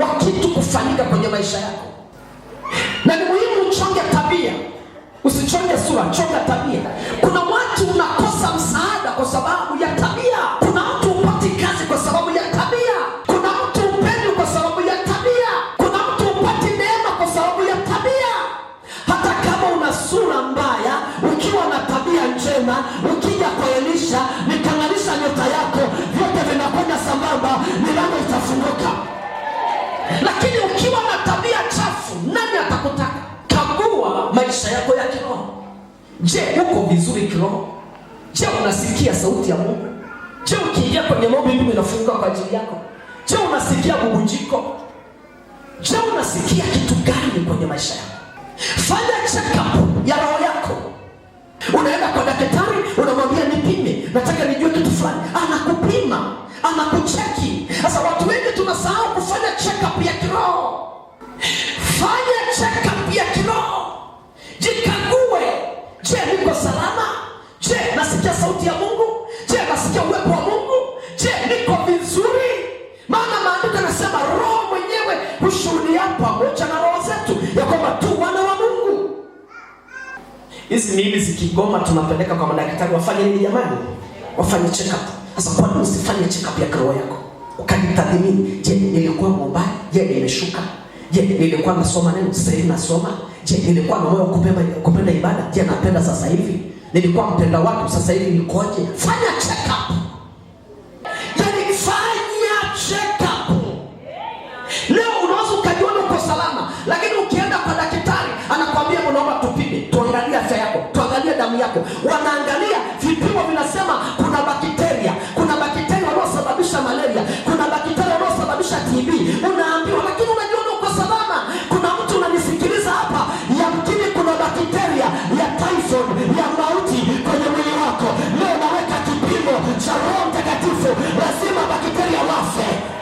wa kitu kufanyika kwenye maisha yako, na ni muhimu uchonge tabia, usichonge sura, chonga tabia. Kuna watu unakosa msaada kwa sababu ya tabia. Kuna mtu upati kazi kwa sababu ya tabia. Kuna mtu upendi kwa sababu ya tabia. Kuna mtu upati neema kwa sababu ya tabia. Hata kama una sura mbaya, ukiwa na tabia njema, ukija kwa Elisha, nikang'arisha nyota yako ya kiroho. Je, uko vizuri kiroho? Je, unasikia sauti ya Mungu? Je, ukiingia kwenye maombi mimi inafunguka kwa ajili yako? Je, unasikia bubujiko? Je, unasikia kitu gani kwenye maisha yako? Fanya check-up ya roho yako. Unaenda kwa daktari, unamwambia nipime, nataka nijue kitu fulani, anakupima, anakucheki. Sasa watu wengi tunasahau kufanya check-up ya kiroho. Fanya check-up anasema Roho mwenyewe hushuhudia pamoja na roho zetu ya kwamba tu wana wa Mungu. Hizi miili zikigoma, tunapeleka kwa madaktari wafanye nini jamani? Wafanye check up. Sasa kwa nini usifanye check up ya roho yako? Ukajitathmini, je, nilikuwa mbaya? Je, nimeshuka? Je, nilikuwa nasoma neno sahihi? nasoma? Je, nilikuwa na moyo kupenda kupenda ibada? Je, napenda sasa hivi? Nilikuwa mpenda watu sasa hivi nikoje? Fanya check yako, wanaangalia vipimo, vinasema kuna bakteria, kuna bakteria wanaosababisha malaria, kuna bakteria wanaosababisha TB. Unaambiwa, lakini unajiona uko salama. Kuna mtu unanisikiliza hapa, yamkini kuna bakteria ya typhoid ya mauti kwenye mwili wako. Leo naweka kipimo cha Roho Mtakatifu, lazima bakteria wafe.